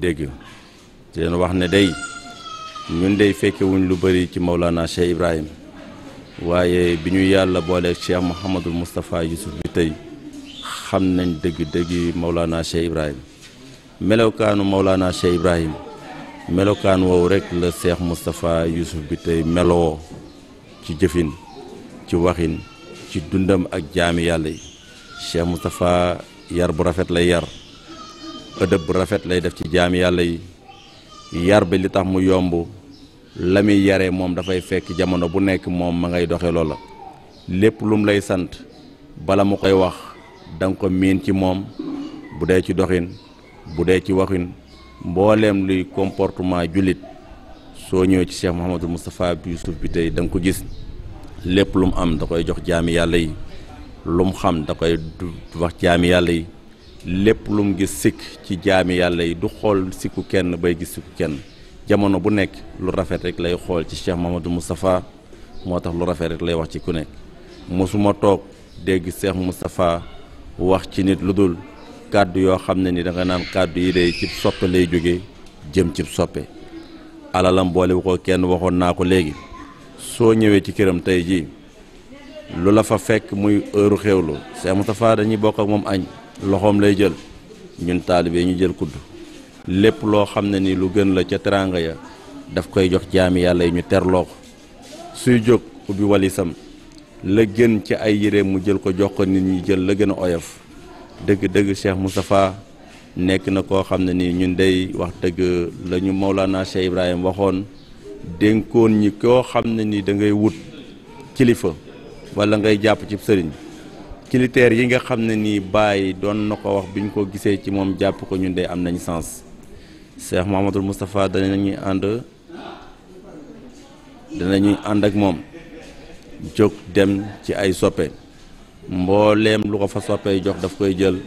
mën dégg di leen wax ne day ñun day fekke lu bari ci Maulana Cheikh Ibrahim waaye bi ñu yàlla booleeg Cheikh Mouhamadul Moustapha Youssouf bi tey xam nañ dëgg dëgg Maulana Cheikh Ibrahim melokaanu Maulana Cheikh melokaan woowu rek la Cheikh Moustapha Youssouf bi tey meloo ci jëfin ci waxin ci dundam ak jaami yàlla yi Cheikh Moustapha yar bu rafet lay yar. ëdëb rafet lay def ci jaami yàlla yi yar bi li tax mu yomb la muy yaree moom dafay fekk jamono bu nekk moom ma ngay doxee loola lépp lum lay sant bala mu koy wax da ko miin ci moom bu dee ci doxin bu dee ci waxin mboolem luy comportement jullit soo ñëwee ci Cheikh Mouhamadul Moustapha bi Yuusuf bi tey da ko gis lépp lu mu am da koy jox jaami yàlla yi lu xam da koy wax jaami yàlla yi lépp lu mu gis sikk ci jaami yàlla yi du xool sikku kenn bay gis sikku kenn jamono bu nekk lu rafet rek lay xool ci Cheikh Mamadou Moustapha moo tax lu rafet rek lay wax ci ku nekk mosuma toog dégg Cheikh Moustapha wax ci nit lu dul kàddu yoo xam ne ni da nga naan kàddu yi day cib soppe lay jóge jëm cib soppe alalam boole bu ko kenn waxoon naa ko léegi soo ñëwee ci këram tey jii lu la fa fekk muy heure xewlu Cheikh Moustapha dañuy bokk ak moom añ loxoom lay jël ñun taalibe ñu jël kudd lépp loo xam ne ni lu gën la ca teraanga ya daf koy jox jaami yàlla yi ñu terloo ko suy jóg ubbi walisam la gën ci ay yére mu jël ko jox ko nit ñi jël la gën a oyof dëgg-dëgg Cheikh Moustapha nekk na koo xam ne ni ñun day wax dëgg la ñu Mawlana Cheikh Ibrahima waxoon dénkoon ñi koo xam na ni dangay wut kilifa walla ngay jàpp ci sëriñ critères yi nga xam ne nii bàyyi doon na ko wax bi ñu ko gisee ci moom jàpp ko ñun de am nañ sens Cheikh Mouhamadoul Moustapha danañuy ànd danañuy ànd ak moom jóg dem ci ay soppe mbooleem lu ko fa soppee jox daf koy jël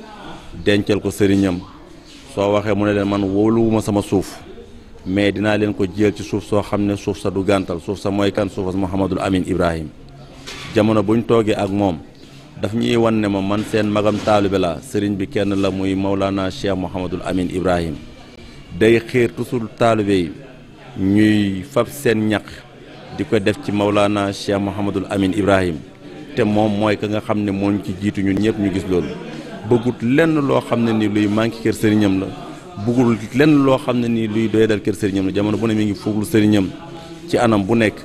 dencal ko sëriñam soo waxee mu ne leen man wóoluwuma sama suuf mais dinaa leen ko jël ci suuf soo xam ne suuf sa du gàntal suuf sa moykan kan suufas Mouhamadoul Amine Ibrahim jamono bu ñu toogee ak moom daf ñuy wan ne ma man seen magam taalibe la sëriñ bi kenn la muy Maulana Cheikh Mouhamadul Amin Ibrahim day xiir tusul taalibe yi ñuy fab seen ñaq di ko def ci Maulana Cheikh Mouhamadul Amin Ibrahim te moom mooy ka nga xam ne moo ñu ci jiitu ñun ñëpp ñu gis loolu bëggut lenn loo xam ne ni luy manqué kër sëriñam la bëggul lenn loo xam ne nii luy doyadal kër sëriñam la jamono bu ne mi ngi fuuglu sëriñam ci anam bu nekk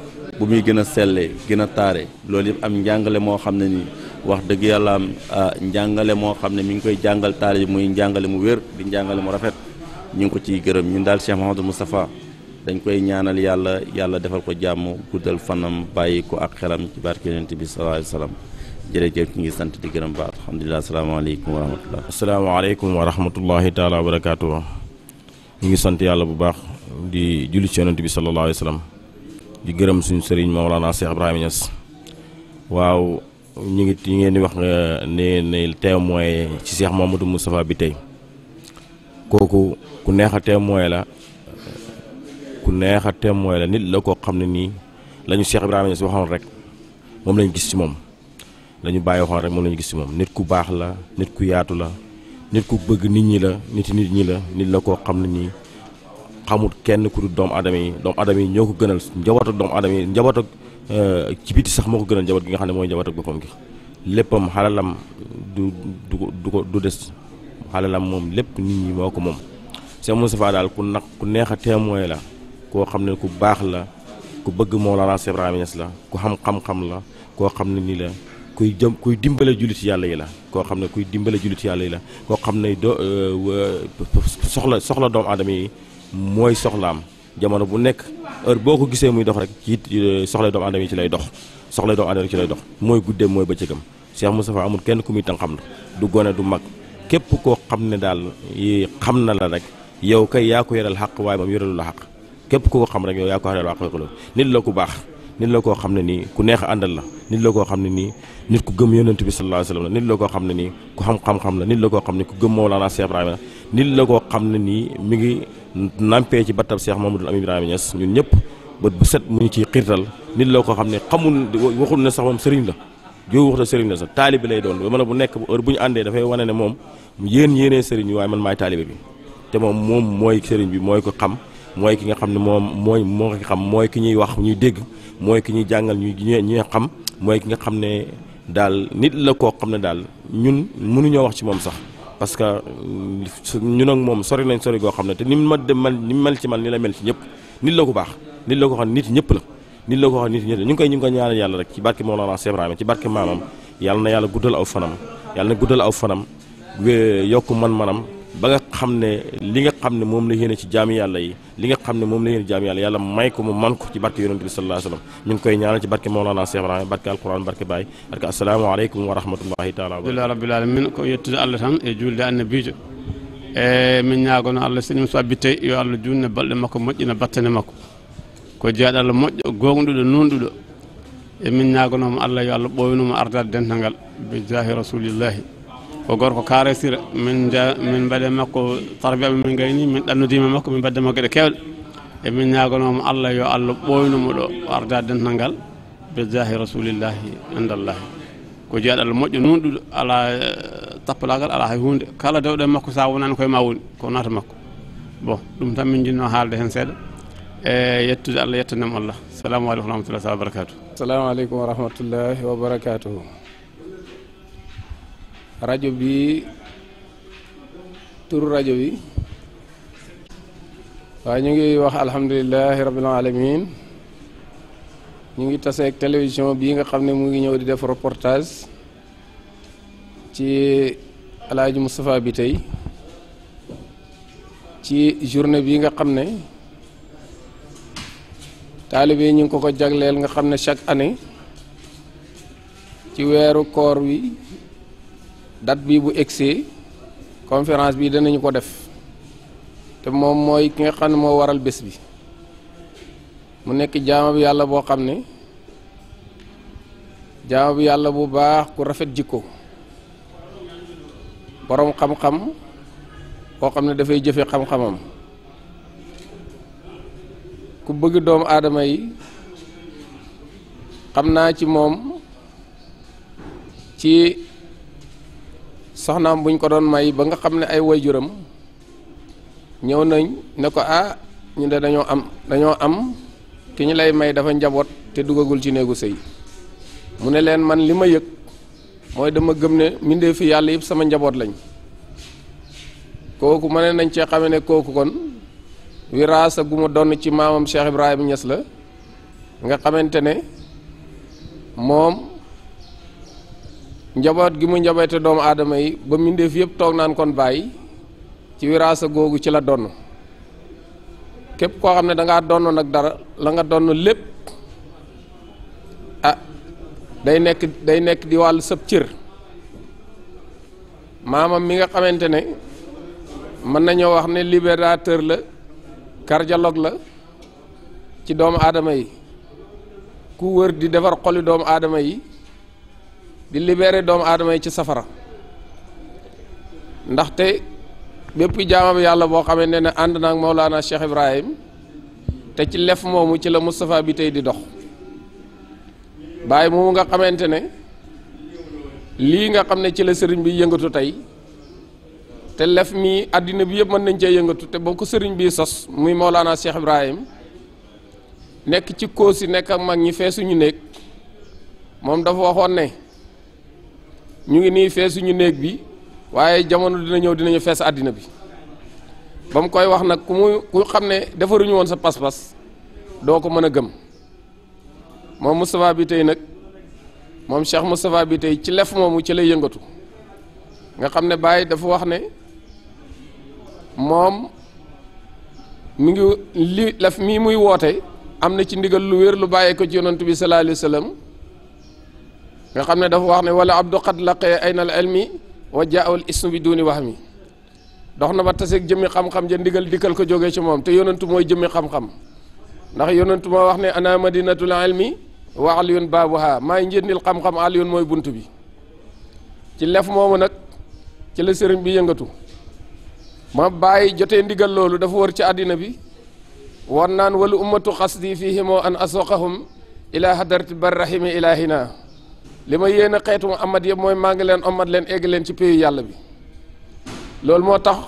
bu muy gën a sellee gën a taare loolu yëpp am njàngale moo xam ne nii wax dëgg yàlla am ah, njàngale moo xam ne mu ngi koy jàngal taalibe muy njàngale mu wér di njàngale mu rafet ñu ngi ko ciy gërëm ñun daal Cheikh Mouhamadou Moustapha dañ koy ñaanal yàlla yàlla defal ko jàmm guddal fanam bàyyi ko ak xelam ci barke yonent bi sallallahu alayhi wa sallam jërëjëf ñu ngi sant di gërëm ba alhamdulilah asalaamaaleykum wa rahmatullah asalaamaaleykum wa rahmatullahi taala wa barakaatu ñu ngi sant yàlla bu baax di julli ci yonent bi sallallahu di gërëm suñu sëriñ Mawlana Cheikh Ibrahima Niass waaw ñu ngi ñu ngeen di wax euh, ne ne témoin ci Cheikh Mamadou Moustapha bi tey kooku ku neex a témoin la ku neex a témoin la nit la koo xam ne nii lañu ñu Cheikh Ibrahima si waxoon rek moom lañu gis ci moom la ñu bàyyi waxoon moom lañu gis ci moom nit ku baax la nit ku yaatu la nit ku bëgg nit ñi la nit nit la nit la koo xam ne nii xamut kenn ku dul doomu aadama yi doomu aadama yi ñoo ko gënal njabootu doomu aadama yi njabootu Euh, ci biti sax moo ko gënal njaboot gi nga xam ne mooy njaboot ak boppam gi léppam xalalam du du du des xalalam moom lépp nit ñi moo ko moom Cheikh Moustapha daal ku nag ku neex a témoin la koo xam ne ku baax la ku bëgg Mawlana Cheikh Ibrahima Niass la ku xam xam-xam la koo xam ne nii la kuy jëm kuy dimbale jullit yàlla yi la koo xam ne kuy dimbale jullit yàlla yi la koo xam ne do euh, soxla soxla doomu aadama yi mooy soxlaam jamono bu nekk heure boo ko gisee muy dox rek ci euh, soxlay doomu aadama yi ci lay dox soxla doomu aadama yi ci lay dox mooy guddeem mooy bëccëgam Cheikh Moustapha amul kenn ku muy tan xam na du gone du mag képp koo xam ne daal yi xam na la rek yow kay yaa ko yoral xaq waaye moom yoralu la xaq képp ku ko xam rek yow yaa nit la ku baax nit la koo xam ne nii ku neex àndal la nit la koo xam ne nii nit ku gëm yonent bi sallallahu alayhi la nit la koo xam ne nii ku xam xam-xam la nit la ko xam ne ku gëm Mawlana Cheikh Ibrahima nit la koo xam ne nii mi ngi nampee ci battab Cheikh Mamadou Amine Ibrahima Niass ñun ñëpp bët bu set mu ñu ciy xiirtal nit la koo xam ne xamul waxul ne sax moom sëriñ la joowu waxta sëriñ la sax taalibe lay doon ba mën a bu nekk bu ñu àndee dafay wane ne moom yéen yéenee sëriñ bi waaye man bi te moom moom mooy sëriñ bi mooy ko xam mooy ki nga xam ne moom mooy moo xam mooy ki ñuy wax ñuy dégg mooy ki ñuy jàngal ñuy ñuy xam mooy ki nga xam ne daal nit la koo xam ne daal ñun mënuñoo wax ci moom sax parce que euh, ñun ak moom sori nañ sori goo xam ne te ni ma dem man ni mel ci man ni la mel ci ñëpp nit la ko baax nit la ko xam nit ñëpp la nit la ko xam nit ñëpp la ñu ngi koy ñu ngi koy ñaanal yàlla rek ci barke Mawlana Cheikh Ibrahima ci barke maamam yàlla na yàlla guddal aw fanam yàlla na guddal aw fanam yokk man-manam ba nga xam ne li nga xam ne moom la yéene ci jaami yàlla yi li nga xam ne moom la yéene ci jaami yàlla yàlla may ko mo man ko ci barke yonente bi sallallahu alayhi wa sallam ñu ngi koy ñaanal ci barke Mawlana Cheikh Ibrahima barke alquran barke Baye barke asalaamaaleykum wa rahmatullahi taala alhamdulillahi rabbil alamin ko yettude allah tan e julde annabijo e min ñaagono allah so ɗum so abbitey yo allah junne balɗe makko moƴƴina battane makko ko jeyaɗo allah moƴƴo gonɗuɗo nunɗuɗo emin ñaagonomo allah yo allah ɓoynumo ardade dental ngal bi jahi ko gorko kaara min ja min mbaɗe makko tarbiyaɓe min gayni min ɗannudima makko min mbaddema gueɗe kewɗe emin ñagonomo allah yo allah ɓoynomo ɗo arda dental ngal be jahi rasulillahi ko jeeyaɗo allah moƴƴo nunɗuɗo ala eh, tapplagal ala hay hunde kala dewɗo e makko sa wonani koye ma woni ko nata makko bon ɗum tan min jinno haalde hen seeɗa e yettude allah yettanemo allah salamu aleykum wa rahmatullah rajo bi turu rajo bi waaw ñu ngi wax alhamdulilahi rabbil alamin ñu ngi taseeg télévision bi nga xam ne mu ngi ñëw di def reportage ci alaaji Moustapha bi tey ci journée bii nga xam ne taalibe ñu ngi ko ko jagleel nga xam ne chaque année ci weeru koor wi date bi bu egsee conférence bi danañu ko def te moom mooy ki nga xam ne moo waral bés bi mu nekk jaama bi yàlla boo xam ne jaama bi yàlla bu baax ku rafet jikko boroom xam-xam boo xam ne dafay jëfe xam-xamam ku bëgg doomu aadama yi xam naa ci moom ci soxnaam buñ ko doon may ba nga xam ne ay waajuram ñëw nañ ne ko ah ñu de dañoo am dañoo am ki ñu lay may dafa njaboot te duggagul ci néegu sëy mu ne leen man li ma yëg mooy dama gëm ne mbindee fi yàlla yëpp sama njaboot lañ kooku ma ne nañ cee xame ne kooku kon wiraasa gu ma donn ci maamam Cheikh Ibrahima Niass la nga xamante ne moom njaboot gi mu njaboote doomu aadama yi ba mbindeef yëpp toog naan kon bàyyi ci wiraasa googu ci la donn képp koo xam ne danga donn nag dara la nga donn lépp ah day nekk day nekk di wàllu sëb cër maamam mi nga xamante ne mën nañoo wax ne libérateur la cardiologue la ci doomu aadama yi ku wër di defar xoli doomu aadama yi di libéré doomu aadama yi ci safara ndaxte bépp jaamam yàlla boo xamante ne ànd naag Mawlana Cheikh Ibrahim te ci lef moomu ci la Moustapha bi tey di dox bàyyi moomu nga xamante ne lii nga xam ne ci la sëriñ bi yëngatu tey te lef mii àddina bi yëpp mën nañ cee yëngatu te boo sëriñ bi sos muy Mawlana Cheikh Ibrahim nekk ci kóos yi nekk ak mag ñi fee suñu néeg moom dafa waxoon ne ñu ngi nii fee suñu néeg bi waaye jamono dina ñëw dinañu fees àddina bi ba mu koy wax nag ku mu ku xam ne defaruñu woon sa pas-pas doo ko mën a gëm moom Moustapha bi tey nag moom Cheikh Moustapha bi tey ci lef moomu ci lay yëngatu nga xam ne bàyyi dafa wax ne moom mu ngi li lef mii muy woote am na ci ndigal lu wér lu bàyyee ko ci yonantu bi sallallahu alayhi wa nga xam ne dafa wax ne wala abdu qad laqee aynal ilmi wa jaawal ismu bi duuni wax mi dox na ba taseeg jëmmi xam-xam ja ndigal dikkal ko jógee ci moom te yonentu mooy jëmmi xam-xam ndax yonentu wax ne ana madinatul ilmi wa aliyun mooy bunt bi ci lef moomu nag ci la sëriñ bi yëngatu ma bàyyi jotee ndigal loolu dafa war ci àddina bi war naan walu ummatu xasdi fihimo an asoqahum ila hadarati barrahimi ilahina li ma yéene xeetu Muhammad yëpp mooy maa ngi leen ommat leen egg leen ci pays yàlla bi loolu moo tax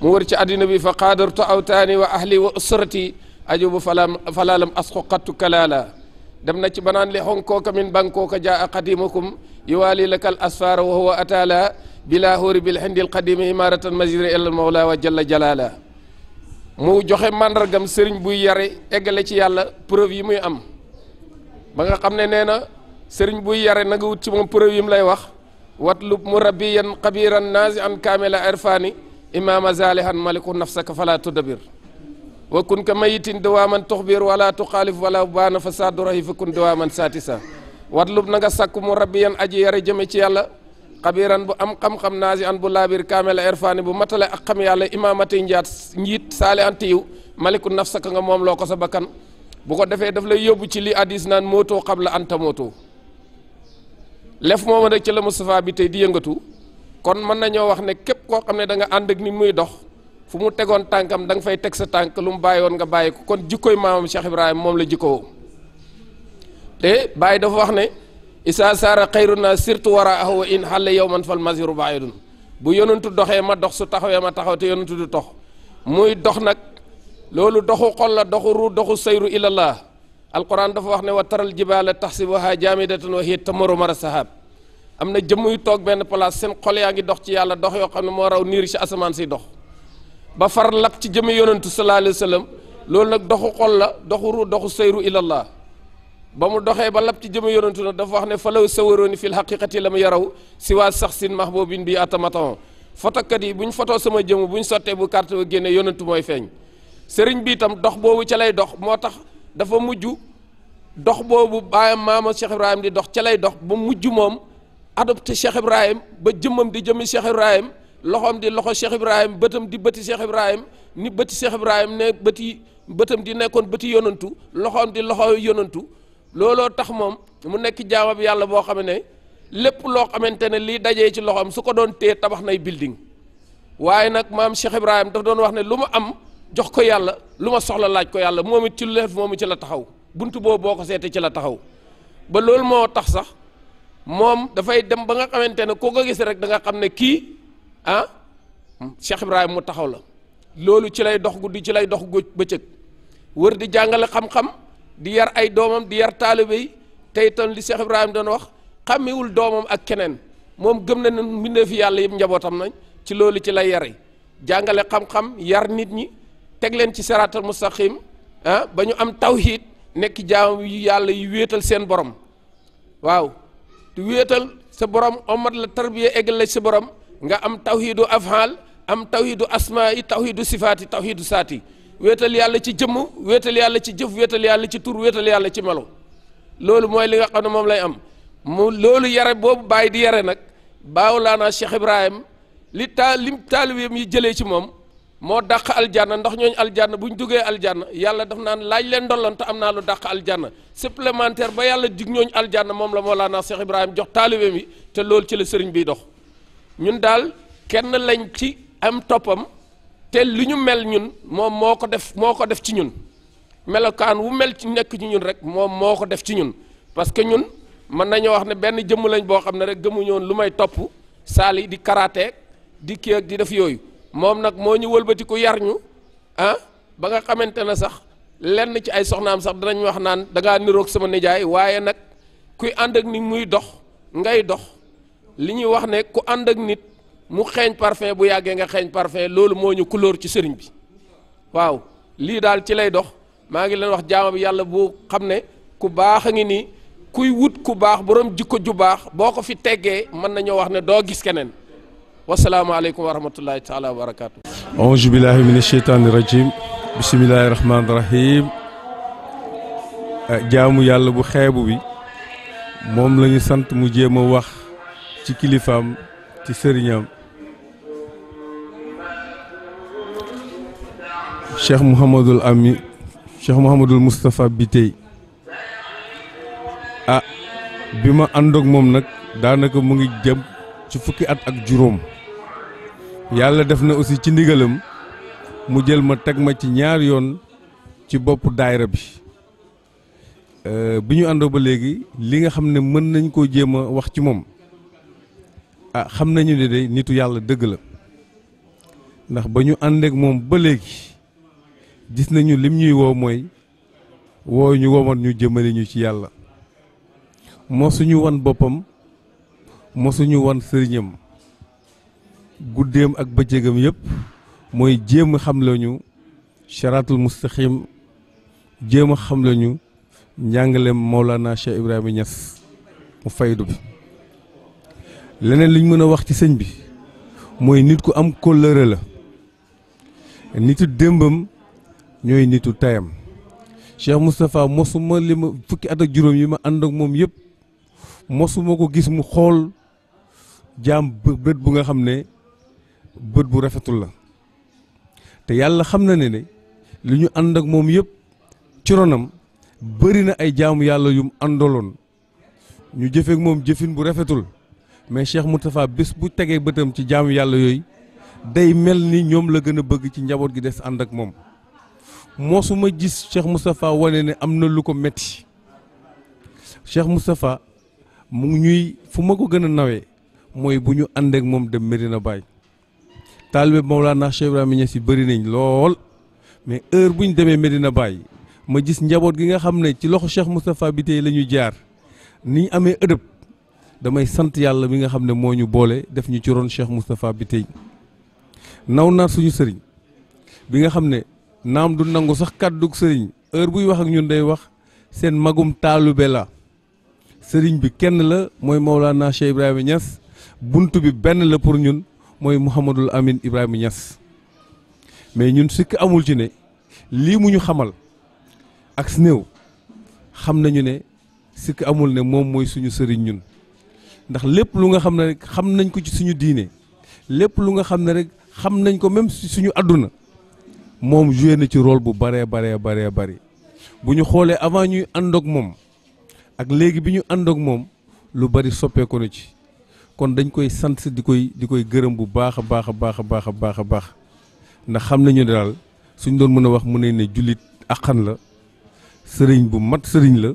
mu wër ci àddina bi fa qaadartu awtaani wa ahli wa usrati ajubu falaam falaalam asqu qattu kalaala dem na ci banaan li xonkooka min bankooka jaa a qadimakum yuwaali lakal asfaara wa huwa ataala bila hóori bil xindil qadimi imaratan masiri ilal mawla wa jalla jalaala mu joxe màndargam sëriñ buy yare eggale ci yàlla preuve yi muy am ba nga sëriñ buy yare na nga wut ci moom preuve lay wax watlub murabbiyan xabiran naasi an kaamila irfaani imaama zaalihan maliku nafsaka fala tudabir wa kun ka mayitin dawaaman tuxbir wala tuxaalif wala baana fa saadu rahi fa kun dawaaman saatisa watlub na nga sàkk murabbiyan aji yare jëme ci yàlla xabiran bu am xam-xam naasi an bu laabir kaamila irfaani bu matale ak xam yàlla imaamatay njaat njiit saale an tiyu maliku nafsaka nga moom loo ko sa bakkan bu ko defee daf lay yóbbu ci li addis naan mootoo qabla lef mooma nag ci la Moustapha bi tey di yëngatu kon mën nañoo wax ne képp koo xam ne da nga ànd ak ni muy dox fu mu tegoon tànkam danga fay teg sa tànk lu mu bàyyi woon nga bàyyi ko kon jikkoy maamam Cheikh Ibrahima moom la jikkoo te bàyyi dafa wax ne isaa saara xayru naa surtout war a ax wa in xale yow man fal masiru baidun bu yonentu doxee ma dox su taxawee ma taxaw te yonentu du dox muy dox nag loolu doxu xol la doxu ru doxu sayru ilallah alquran dafa wax ne wa taral jibaala taxsibuha jaamidatan wa hiya mar a sahab am na jëmm yu toog benn place seen xol yaa ngi dox ci yàlla dox yoo xam ne moo raw niir ci asamaan si dox ba far lab ci jëmm yonentu sallallahu alayhi wa sallam loolu nag doxu xol la doxu ru doxu sayru ilallah ba mu doxee ba lab ci jëmmi yonentu nag dafa wax ne falaw sawarooni fil la lam yaraw si waa sax sin mahbubin bi foto kat yi bu ñu fotoo sama jëmm bu ñu sottee bu carte ba génnee yonentu mooy feeñ sëriñ bi itam dox boobu ca lay dox moo tax dafa mujj dox boobu baayam maama Cheikh Ibrahim di dox ca lay dox ba mujj moom adopté Cheikh Ibrahim ba jëmmam di jëmmi Cheikh Ibrahim loxoom di loxo Cheikh Ibrahim di bëti Cheikh ni bëti Cheikh Ibrahim ne bëti bëtam di nekkoon bëti yonantu loxoom di loxo yonantu looloo tax moom mu nekk jaamab yàlla boo xam ne lépp loo xamante ne lii dajee ci loxoom su ko doon téye tabax nay building waaye nag maam Cheikh Ibrahim daf doon wax ne lu mu am jox ko yàlla lu ma soxla laaj ko yàlla moom it ci lu def moom it ci la taxaw bunt boobu boo ko seetee ci la taxaw ba loolu moo tax sax moom dafay dem ba nga xamante ne koo ko gis rek da nga xam ne kii ah Cheikh Ibrahima mu taxaw la loolu ci lay dox guddi ci lay dox bëccëg wër di jàngale xam-xam di yar ay doomam di yar taalibe yi te itam li Cheikh Ibrahima doon wax xàmmiwul doomam ak keneen moom gëm na ne mbindeefi yàlla yëpp njabootam nañ ci loolu ci lay yare jàngale xam-xam yar nit ñi. teg leen ci siraatal mustaqim ah ba ñu am tawhid nekk jaam yu yàlla yu wéetal seen borom waaw di wéetal sa borom omat la tarbiya eggal la sa borom nga am tawhidu afhaal am tawhidu asmaa yi tawhidu sifaati tawhidu saati wéetal yàlla ci jëmm wéetal yàlla ci jëf wéetal yàlla ci tur wéetal yàlla ci melo loolu mooy li nga xam ne moom lay am mu loolu yare boobu bàyyi di yare nag baaw laanaa Cheikh Ibrahim li taal lim taalibeem yi jëlee ci moom moo dàq aljanna ndax ñooñ aljanna bu ñu duggee aljanna yàlla daf naan laaj leen ndollan am naa lu dàq aljanna supplémentaire ba yàlla dig ñooñ aljanna moom la moo Mawlana Cheikh Ibrahima jox taalibe mi te loolu ci la sëriñ biy dox ñun daal kenn lañ ci am toppam te li ñu mel ñun moom moo ko def moo ko def ci ñun melokaan wu mel ci nekk ci ñun rek moom moo ko def ci ñun parce que ñun mën nañoo wax ne benn jëmm lañ boo xam ne rek gëmuñoon lu may topp saali di karaté di kii ak di def yooyu moom nag moo ñu wëlbatiku yar ñu ah, ba nga xamante ne sax lenn ci ay soxnaam sax danañ wax naan da ngaa niroog sama nijaay waaye nag kuy ànd ak nit muy dox ngay dox li ñuy wax ne ku ànd ak nit mu xeeñ parfum bu yàggee nga xeeñ parfum loolu moo ñu couleur ci sëriñ bi waaw lii daal ci lay dox maa ngi leen wax jaama bi yàlla boo xam ne ku baax a ngi ni kuy wut ku baax borom jikko ju baax boo ko fi teggee mën nañoo wax ne doo gis keneen wasalaamaaleykum wa rahmatullahi taala wa barakaatu. auzu billahi min asheytaani rajim jaamu yàlla bu xeebu bi moom la sant mu jéem a wax ci kilifaam ci sëriñam cheikh Mouhamadul Ami cheikh Mouhamadul Moustapha bi tey ah bi ma àndoog moom nag daanaka mu ngi jëm. ci fukki at ak juróom yàlla def na aussi ci ndigalam mu jël ma teg ma ci ñaar yoon ci bopp daayra bi euh, bi ñu àndoo ba léegi li nga xam ne mën nañ koo jéem a wax ci moom a ah, xam nañu ne de nitu yàlla dëgg la ndax ba ñu àndeek moom ba léegi gis nañu li lim ñuy woo mooy woo ñu wowoon ñu jëmale ñu ci yàlla moo suñu wan boppam mosuñu wan sëriñam guddeem ak bëccëgam yëpp mooy jéem a xam lañu sharaatul mustaqim jéema a xam lañu njàngaleem Maulana Cheikh Ibrahima ñas mu faydu bi leneen liñ mën a wax ci sëñ bi mooy nit ku am kóllëre la nitu démbam ñooy nitu tayam Cheikh Moustapha mosuma li ma fukki at ak juróom yi ma ànd ak moom yëpp mosuma ko gis mu xool jaam bët bu nga xam ne bët bu rafetul la te yàlla xam na ne ne li ñu ànd ak moom yëpp ci ronam bëri na ay jaamu yàlla yum àndaloon ñu jëfeek moom jëfin bu rafetul mais Cheikh Moustapha bés bu tegee bëtam ci jaamu yàlla yooyu day mel ni ñoom la gën a bëgg ci njaboot gi des ànd ak moom mosuma gis Cheikh Moustapha wane ne am na lu ko metti Cheikh Moustapha mu ñuy fu ma ko gën a nawee mooy bu ñu àndeek moom dem Medina Baye taalibe Mawlana Cheikh Ibrahima Niass yi bëri nañ lool mais heure bu ñu demee Medina Baye ma gis njaboot gi nga xam ne ci loxo Cheikh Moustapha bi tey la ñu jaar ni ñu amee ëdëb damay sant yàlla mi nga xam ne moo ñu boole def ñu ci ron Cheikh Moustapha bi tey naw naa suñu sëriñ bi nga xam ne naam du nangu sax kàddug sëriñ heure buy wax ak ñun day wax seen magum taalube la sëriñ bi kenn la mooy Mawlana Cheikh Ibrahima Niass. bunt bi benn la pour ñun mooy Mouhamadul Amin Ibrahima Niass mais ñun sikk amul ci ne lii mu ñu xamal ak si xam nañu ne sikk amul ne moom mooy suñu sëriñ ñun ndax lépp lu nga xam ne rek xam nañ ko ci suñu diine lépp lu nga xam ne rek xam nañ ko même si suñu àdduna moom joué na ci rôle bu baree baree baree bari bu ñu xoolee avant ñuy àndoog moom ak léegi bi ñu àndoog moom lu bari soppeeku na ci kon dañ koy sant di koy di koy gërëm bu baax baax baax a baax a baax a baax ndax xam nañu daal suñ doon mën a wax mu ne ne jullit axan la sëriñ bu mat sëriñ la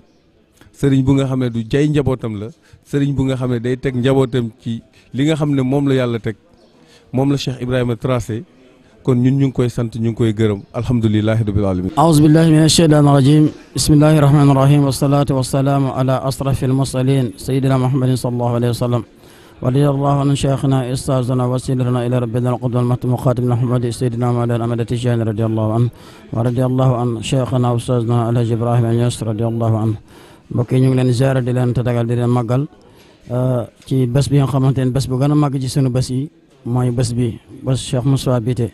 sëriñ bu nga xam ne du jay njabootam la sëriñ bu nga xam ne day teg njabootam ci li nga xam ne moom la yàlla teg moom la Cheikh Ibrahima tracé kon ñun ñu ngi koy sant ñu ngi koy gërëm alhamdulilahi rabil alamin aouzu billahi min asheytan irajim bismillahi rahmani irahim ala asrafi almursalin sayidina muhammadin salallahu alayhi wa ورضي الله عن شيخنا استاذنا وسيلتنا الى ربنا القدوه المهتم وخاتم محمد سيدنا مولانا امد التجاني رضي الله عنه ورضي الله عن شيخنا استاذنا الحاج ابراهيم الياس رضي الله عنه mbokk yi ñu ngi leen ziara di leen tatagal di leen màggal euh, ci bés bi nga xamante ne bés bu gën a màgg ci sunu bés yi mooy bés bi bés Cheikh Moussa Bitté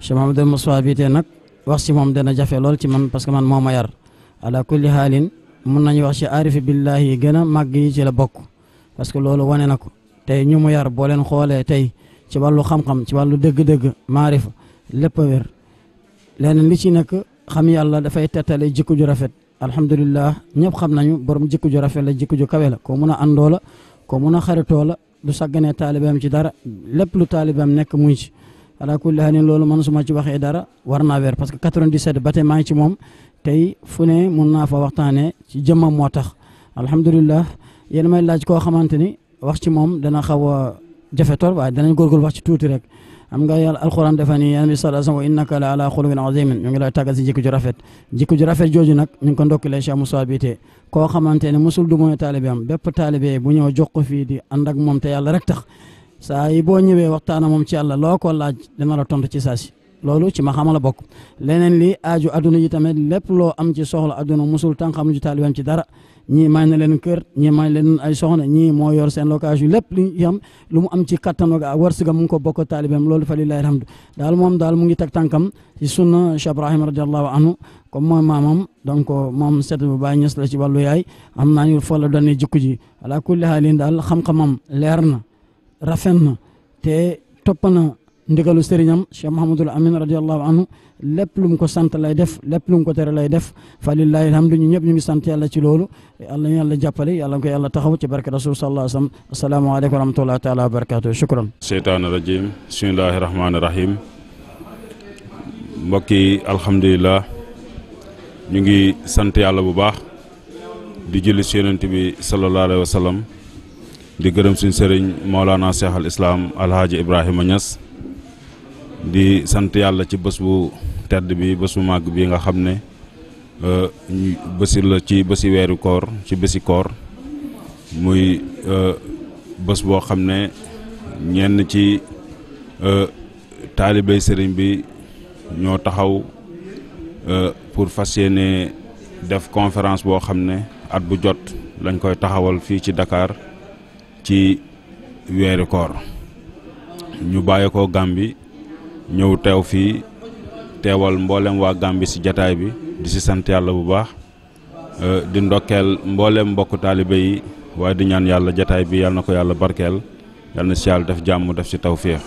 Cheikh Mamadou Moussa Bitté nag wax si moom dana jafe lool ci man parce que man moo ma yar ala kulli haalin mun nañu wax ci arifi billahi yi gën a màgg yi ci la bokk parce que loolu wane na ko tey ñu mu yar boo leen xoolee tey ci wàllu xam-xam ci wàllu dëgg-dëgg maarifa lépp a wér leneen li nekk xam yàlla dafay tettale jikko ju rafet alhamdulillah ñëpp xam nañu borom jikko ju rafet la jikko ju kawe la ko mun a àndoo ko mun a xaritoo la du sagganee taalibeem ci dara lépp lu taalibeem nekk muy ci ala kulli haal loolu man suma ci waxee dara war naa wér parce que 97 ba tey maa ci moom tey fu ne mun naa fa waxtaanee ci jëmmam moo tax alhamdulilah wax ci moom dana xaw a jafe tool waaye danañ góorgóorlu wax tuuti rek am nga yàlla alxuraan dafa ni yonent bi sallallahu alayhi wa sallam innaka la ala xuluqin azimin ñu ngi lay tàggal si jikko ju rafet jikko rafet jooju nag ñu ko ndokkilee Cheikh Moussa Biteye koo xamante ne mosul du mooy taalibe am bépp taalibe bu ñëw jox ko fii di ànd ak moom te yàlla rek tax saa yi boo ñëwee waxtaana moom ci yàlla loo ko laaj dana la tontu ci saa si loolu ci ma xamal la bokk leneen li aaju aduna yi tamit loo am ci soxla aduna mosul tànk amuñu taalibeem ci ñii may na leen kër ñii may leen ay soxna ñii moo yor seen location lépp li yam lu am ci kattan ak warsiga mu ngi ko bokk taalibeem loolu fa lillahi alhamdu daal moom daal mu ngi teg tànkam ci sunna Cheikh Ibrahima radiallahu anhu comme mooy maamam donc moom seet bu bàyyi ñës la ci wàllu yaay am naa ñu foo la doonee ji ala kulli haalin daal xam-xamam leer na rafet na te topp na ndigalu sëriñam Cheikh Mahamadul Amin radiallahu anhu lépp lu ko sant lay def lépp lu ko tere lay def fa lillahi alhamdu ñu ñëpp ñu ngi sant yàlla ci loolu yàlla yàlla jàppale yàlla ko yàlla taxaw ci barke rasul sallallahu alayhi wa sallam asalaamaaleykum wa rahmatullahi taala wa barakatuh shukran seytaan rajim bismillahi rahmaani rahim mbokki alhamdulilah ñu ngi sant yàlla bu baax di julli si yonent bi sallallahu alayhi di gërëm suñ sëriñ Maolana Cheikh al Islam Alhaji Ibrahima ñas di sant yàlla ci bés bu tedd bi bés bu màgg bi nga xam ne euh, bési la ci bési weeru koor ci bési koor muy euh, bés boo xam ne ñenn ci euh, taalibey sëriñ bi ñoo taxaw pour fas yéene def conférence boo xam ne at bu jot lañ koy taxawal fii ci dakaar ci weeru koor ñu bàyyi ko Gàmbi ñëw teew fii teewal mboolem waa Gàmbi ci jataay bi di ci sant yàlla bu baax euh, di ndokkeel mboolem mbokk taaliba yi waaye di ñaan yàlla jataay bi yàlla na ko yàlla barkeel yàlla na yàlla def jàmm def ci tawféex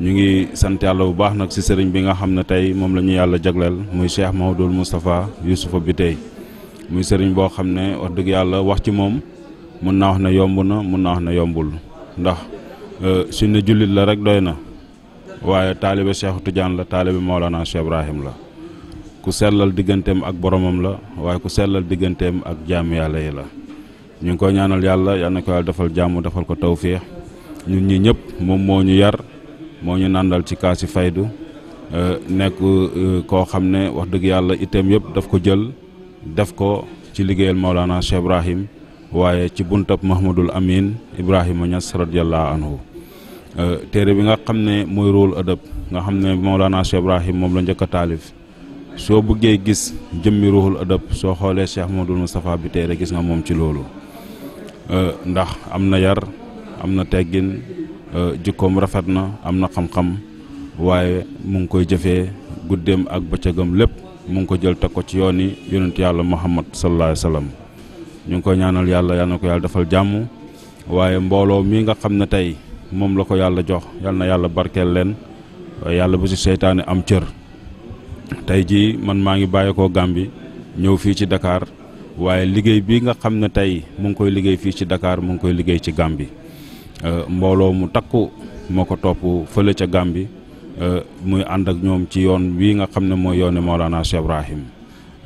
ñu ngi sant yàlla bu baax nag ci sëriñ bi nga xam ne tey moom la ñu yàlla jagleel muy Cheikh Mahadoul Moustapha Youssoufa bi tey muy sëriñ boo xam ne wax dëgg yàlla wax ci moom mun naa wax ne yomb na mun naa wax ne yombul ndax euh, suñ ne jullit la rek doy na waaye taalibe Cheikh Tidiane la taalibe Maolana Cheikh Ibrahim la ku sellal digganteem ak boromam la waaye ku sellal digganteem ak jaamu yàlla yi la ñu ngi koy ñaanal yàlla yal na ko yàlla defal jàmm defal ko tawféex ñun ñi ñëpp moom moo ñu yar moo ñu nàndal ci kaasi faydu euh, nekk euh, koo xam ne wax dëgg yàlla itam yëpp daf ko jël def ko ci liggéeyal Maolana Cheikh Ibrahim waaye ci buntab Mahmadul Amin Ibrahima Niass radiyallahu anhu Euh, téere bi nga xam ne mooy Ruhul Adab nga xam ne Mawlana Cheikh Ibrahim moom la njëkk a taalif soo bëggee gis jëmmi Ruhul Adab soo xoolee Cheikh Modou Moustapha bi téere gis nga moom ci loolu euh, ndax am na yar am na teggin euh, jikkoom rafet na am na xam-xam waaye mu ngi koy jëfee guddeem ak bëccëgam lépp mu ngi ko jël teg ko ci yoon yi yonent yàlla Muhammad sallallahu alayhi wa sallam ñu ngi koy ñaanal yàlla yal ko yàlla defal jàmm waaye mbooloo mi nga xam ne tey moom la ko yàlla jox yal na yàlla barkeel leen yàlla bu si seytaane am cër tey jii man maa ngi bàyyeekoo Gàmbi ñëw fii ci dakaar waaye liggéey bii nga xam ne tey mu ngi koy liggéey fii ci dakaar mu ngi koy liggéey ci Gàmbi euh, mbooloo mu takku moo ko topp fële ca Gàmbi euh, muy ànd ak ñoom ci yoon wi nga xam ne mooy yoone Maolana Cheikh Ibrahim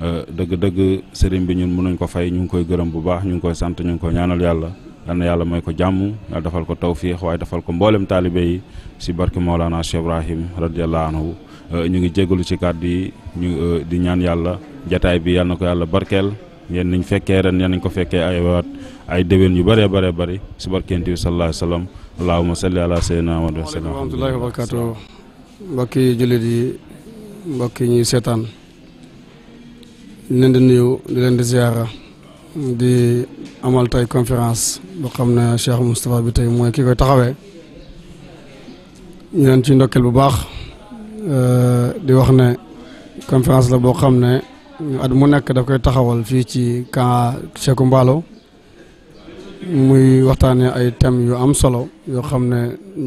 euh, dëgg-dëgg sëriñ bi ñun mënuñ ko fay ñu ngi koy gërëm bu baax ñu ngi koy sant ñu ngi koy ñaanal yàlla yal na yàlla mooy ko jàmm yàlla defal ko tawfiix waaye defal ko mboolem taalibe yi si barke Mawlana Cheikh Ibrahim radiyallahu anhu euh, ñu ngi jégalu ci kàddu yi ñu euh, di ñaan yàlla jataay bi yal ko yàlla barkeel yéen nañ fekkee ren yéen nañ ko fekkee ay waat yu bëree bëree bari si barkeent bi sallallahu alayhi wa sallam allahumma salli ala sayyidina Muhammad wa sallam rahmatullahi wa mbokki jullit yi mbokki ñuy seetaan leen di nuyu di leen di ziyaara di amal tey conférence boo xam ne Cheikh Moustapha bi tey mooy ki koy taxawee ñu ci ndokkeel bu baax euh, di wax ne conférence la boo xam ne at mu nekk daf koy taxawal fii ci camp Cekku Mballo muy waxtaanee ay thèmes yu am solo yoo xam ne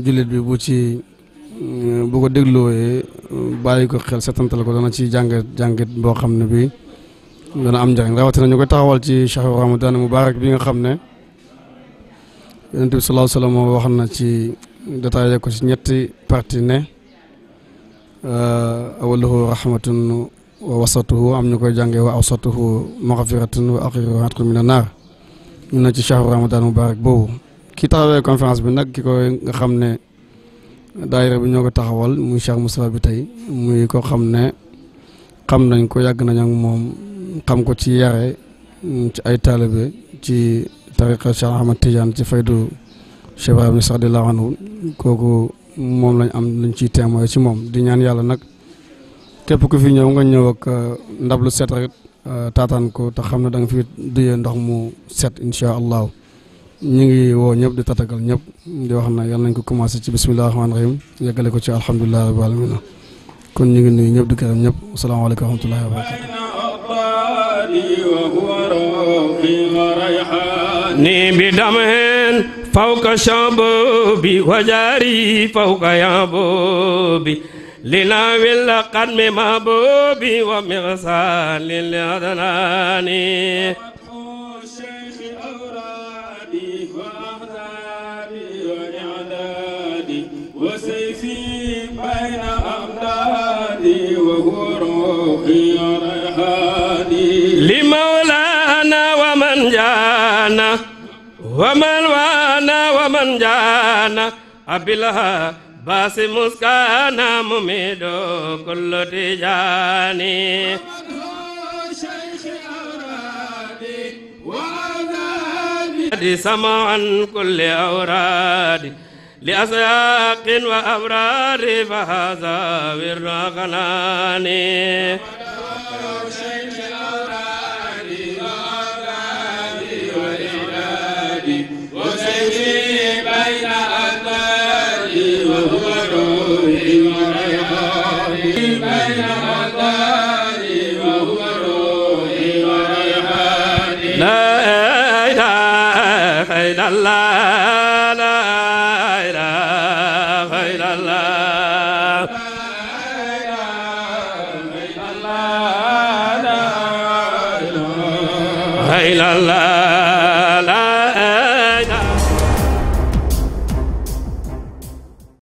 jullit bi bu ci bu ko déglooyee bàyyi ko xel setantal ko dana ci jàngat jàngat boo xam ne bii dana am njëriñ rawatina ñu koy taxawal ci shahru ramadan mubarak bi nga xam ne yonent bi sallallahu alayhi na ci détaillé ko ci ñetti parti ne euh, awaluhu ñu koy jàngee wa awsatuhu maghfiratun wa ci shahru ramadan mubarak boobu ki taxawee conférence bi nag ki koy nga xam ne daayira bi ñoo ko taxawal mu Cheikh Moustapha bi tey muy ko xam ne xam nañ ko yàgg nañ moom xam ko ci yare ci ay taalibe ci tariqa Cheikh Ahmad Tidiane ci faydu Cheikh Ibrahima Niass radiyallahu anhu kooku moom lañ am luñ ciy témoin ci moom di ñaan yàlla nag képp ku fi ñëw nga ñëw ak euh, ndab lu set rek euh, taataan ko te xam na da nga fi duyee ndox mu set incha allahu ñu ngi woo ñëpp di tatagal ñëpp di wax na yàlla nañ ko commencé ci bisimilah rahmaani rahim yeggale ko ci alhamdulilah rabbil alamin kon ñu ngi nuyu ñëpp di gërëm ñëpp asalaamaaleykum wa rahmatullahi ni بدمه فوق شبابي وجاري فوق يابوبي لنا بالقدم محبوبي ومغسال الأذنان وسيفي بين أمدادي وهو روحي مولانا ومن جانا ومن وانا ومن جانا أبلها باس مسكانا مميد كل تجاني سمع عن كل أوراد لأسياق وأبرار فهذا ورغناني yàlla